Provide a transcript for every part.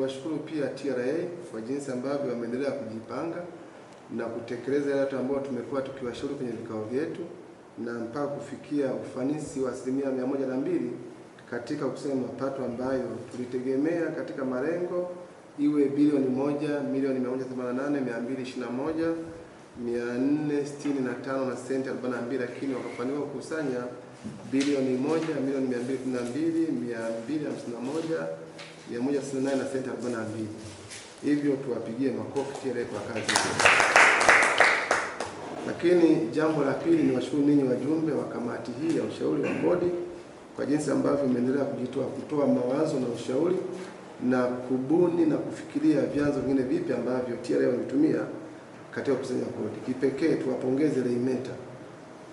kuwashukuru pia TRA kwa jinsi ambavyo wameendelea kujipanga na kutekeleza yale ambayo tumekuwa tukiwashauri kwenye vikao vyetu na mpaka kufikia ufanisi wa asilimia mia moja na mbili katika kukusanya mapato ambayo tulitegemea katika malengo iwe bilioni moja milioni mia moja themanini na nane mia mbili ishirini na moja mia nne sitini na tano na senti arobaini na mbili lakini wakafanikiwa kukusanya bilioni moja milioni mia mbili kumi na mbili mia mbili hamsini na moja mia moja sitini na nane na senti arobaini na mbili. Hivyo tuwapigie makofi TRA kwa kazi. Lakini jambo la pili ni washukuru ninyi wajumbe wa kamati hii ya ushauri wa bodi kwa jinsi ambavyo imeendelea kujitoa kutoa mawazo na ushauri na kubuni na kufikiria vyanzo vingine vipya ambavyo TRA wametumia katika kukusanya kodi. Kipekee tuwapongeze Leimeta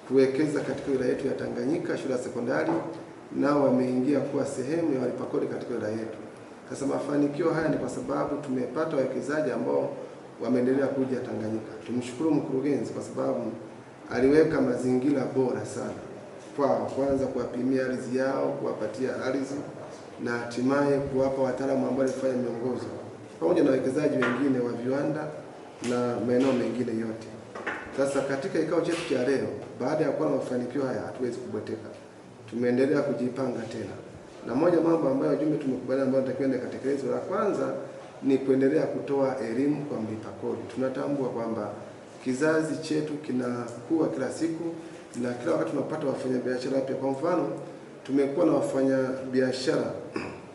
kuwekeza katika wilaya yetu ya Tanganyika shule ya sekondari nao wameingia kuwa sehemu ya walipa kodi katika wilaya yetu. Sasa mafanikio haya ni kwa sababu tumepata wawekezaji ambao wameendelea kuja Tanganyika. Tumshukuru mkurugenzi kwa sababu aliweka mazingira bora sana kwao, kwanza kuwapimia ardhi yao, kuwapatia ardhi na hatimaye kuwapa wataalamu ambao walifanya miongozo pamoja na wawekezaji wengine wa viwanda na maeneo mengine yote. Sasa katika kikao chetu cha leo, baada ya kuwa na mafanikio haya, hatuwezi kubweteka, tumeendelea kujipanga tena, na moja mambo ambayo jumbe tumekubaliana ambayo natakiwa yakatekelezwe, la kwanza ni kuendelea kutoa elimu kwa mlipa kodi. Tunatambua kwamba kizazi chetu kinakuwa kila siku na kila wakati tunapata wafanyabiashara pia. Kwa mfano, tumekuwa na wafanyabiashara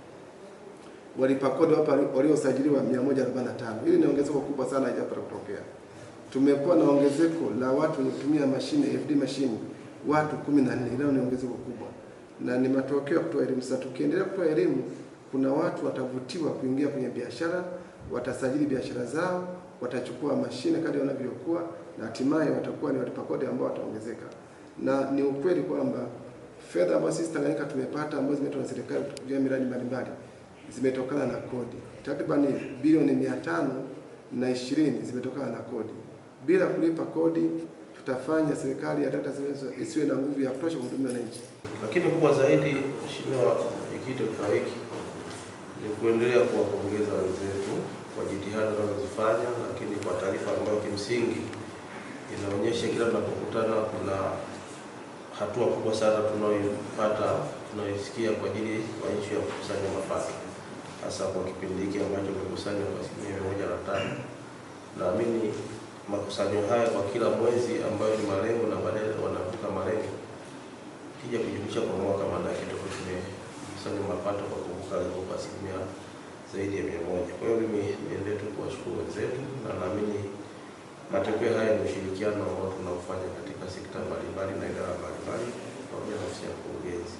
walipa kodi waliosajiliwa 145. Hili ni ongezeko kubwa sana, haijapata kutokea tumekuwa na ongezeko la watu wanaotumia mashine FD machine, watu 14. Hilo ni ongezeko kubwa na ni matokeo ya kutoa elimu. Sasa tukiendelea kutoa elimu, kuna watu watavutiwa kuingia kwenye biashara, watasajili biashara zao, watachukua mashine kadri wanavyokuwa, na hatimaye watakuwa ni walipa kodi ambao wataongezeka. Na ni ukweli kwamba fedha ambazo sisi Tanganyika tumepata ambazo zimetoka na serikali kwa miradi mbalimbali zimetokana na kodi, takriban bilioni mia tano na ishirini zimetokana na kodi bila kulipa kodi, tutafanya serikali ya data isiwe na nguvu ya kutosha kuhudumia wananchi. Lakini kubwa zaidi, Mheshimiwa Mwenyekiti, kwa hiki ni kuendelea kuwapongeza wenzetu kwa jitihada wanazofanya, lakini kwa taarifa ambayo kimsingi inaonyesha kila tunapokutana kuna hatua kubwa sana tunayopata tunayosikia kwa ajili ya nchi ya kukusanya mapato, hasa kwa kipindi hiki ambacho kimekusanywa kwa asilimia mia moja na tano. Naamini makusanyo haya kwa kila mwezi ambayo ni malengo na baadaye wanavuka malengo, kija kujumlisha kwa mwaka, maana yake ndio tumekusanya mapato kwa kuvuka lengo kwa asilimia zaidi ya mia moja. Kwa hiyo mimi niendelee tu kuwashukuru wenzetu na naamini matokeo haya ni ushirikiano ambao tunaofanya katika sekta mbalimbali na idara mbalimbali pamoja na ofisi ya mkurugenzi,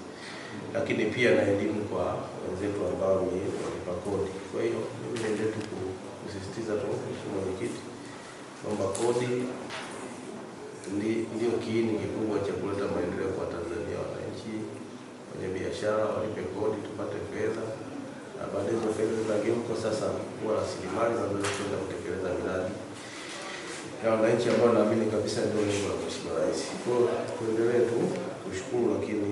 lakini pia na elimu kwa wenzetu ambao ni walipa kodi. Kwa hiyo mimi niendelee tu kusisitiza tu, Mheshimiwa Mwenyekiti kodi ndio kiini kikubwa cha kuleta maendeleo kwa Tanzania. Wananchi kwenye biashara walipe kodi, tupate fedha, na baadaye hizo fedha zinageuka sasa kuwa rasilimali kwenda kutekeleza miradi ya wananchi ambao naamini kabisa ndio lengo la Mheshimiwa Rais. Kwa tuendelee tu kushukuru, lakini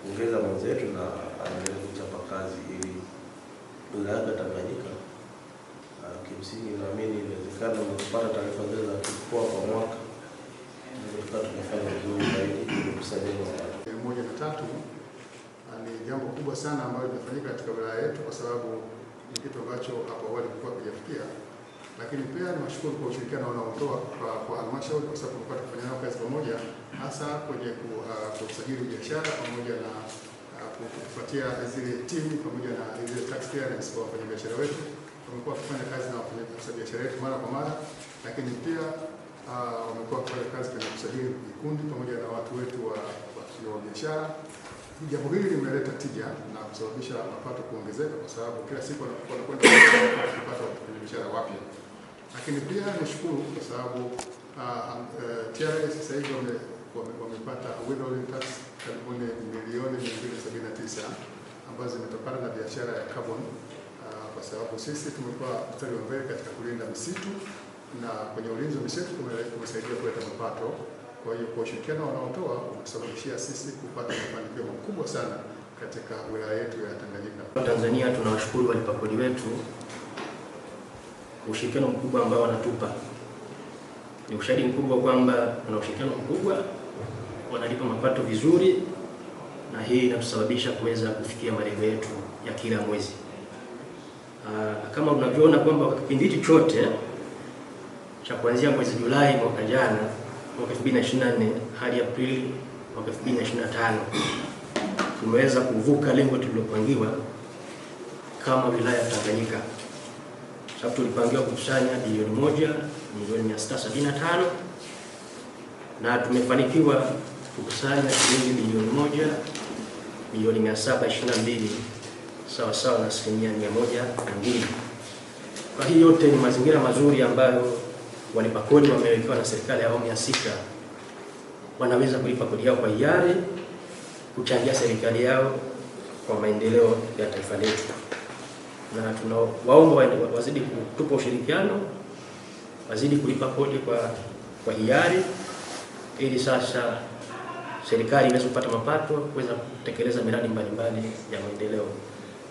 kuongeza mm, mwenzetu na aendelee kupata taarifa zile za mkoa kwa mwaka, tukawa tumefanya vizuri zaidi kukusanya mapato. Eh, moja na tatu ni jambo kubwa sana ambalo linafanyika katika wilaya yetu, kwa sababu ni kitu ambacho hapo awali kilikuwa hakijafikia, lakini pia ni niwashukuru kwa ushirikiano wanaotoa kwa halmashauri, kwa sababu tumekuwa tukifanya nao kazi pamoja, hasa kwenye ah, kusajili biashara pamoja na ah, kufuatia zile timu pamoja na zile tax clearance kwa wafanyabiashara wetu wamekuwa wakifanya kazi na wafanyabiashara wetu mara kwa mara, lakini pia ah, wamekuwa wakifanya kazi kwenye kusajili vikundi pamoja na watu wetu wa wa biashara. Jambo hili limeleta tija na kusababisha mapato kuongezeka, kwa sababu kila siku wanakwenda kupata wafanyabiashara wapya. Lakini pia nishukuru kwa sababu ah, eh, TRA sasa hivi wamepata withholding tax karibu milioni mia ambazo zimetokana na biashara ya carbon sababu sisi tumekuwa mstari wa mbele katika kulinda misitu na kwenye ulinzi wa misitu kumesaidia kuleta mapato. Kwa hiyo kwa ushirikiano wanaotoa unasababishia sisi kupata mafanikio makubwa sana katika wilaya yetu ya Tanganyika. Tanzania tunawashukuru walipakodi wetu ushirikiano mkubwa ambao wanatupa ni ushahidi mkubwa kwamba wana ushirikiano mkubwa, wanalipa mapato vizuri, na hii inatusababisha kuweza kufikia malengo yetu ya kila mwezi. Ah, kama unavyoona kwamba kwa kipindi chote cha kuanzia mwezi Julai mwaka jana mwaka 2024 hadi Aprili mwaka 2025 tumeweza kuvuka lengo tulilopangiwa kama wilaya ya Tanganyika, sababu tulipangiwa kukusanya bilioni moja milioni 675 na tumefanikiwa kukusanya shilingi bilioni moja milioni 722 sawa sawa na asilimia mia moja na mbili. Kwa hii yote ni mazingira mazuri ambayo walipa kodi wamewekewa na serikali ya awamu ya sita, wanaweza kulipa kodi yao kwa hiari, kuchangia serikali yao kwa maendeleo ya taifa letu, na tunawaomba wazidi kutupa ushirikiano, wazidi kulipa kodi kwa, kwa hiari ili sasa serikali iweze kupata mapato kuweza kutekeleza miradi mbalimbali ya maendeleo.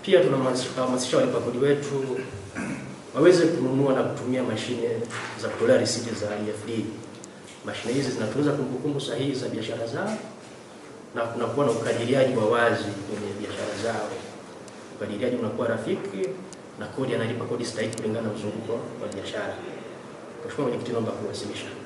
Pia walipa kodi wetu waweze kununua na kutumia mashine za kutolea risiti za EFD. Mashine hizi zinatunza kumbukumbu sahihi za biashara zao na kunakuwa na ukadiriaji wa wazi kwenye biashara zao. Ukadiriaji unakuwa rafiki na kodi analipa kodi stahiki kulingana na mzunguko wa biashara. Mheshimiwa Mwenyekiti, naomba kuwasilisha.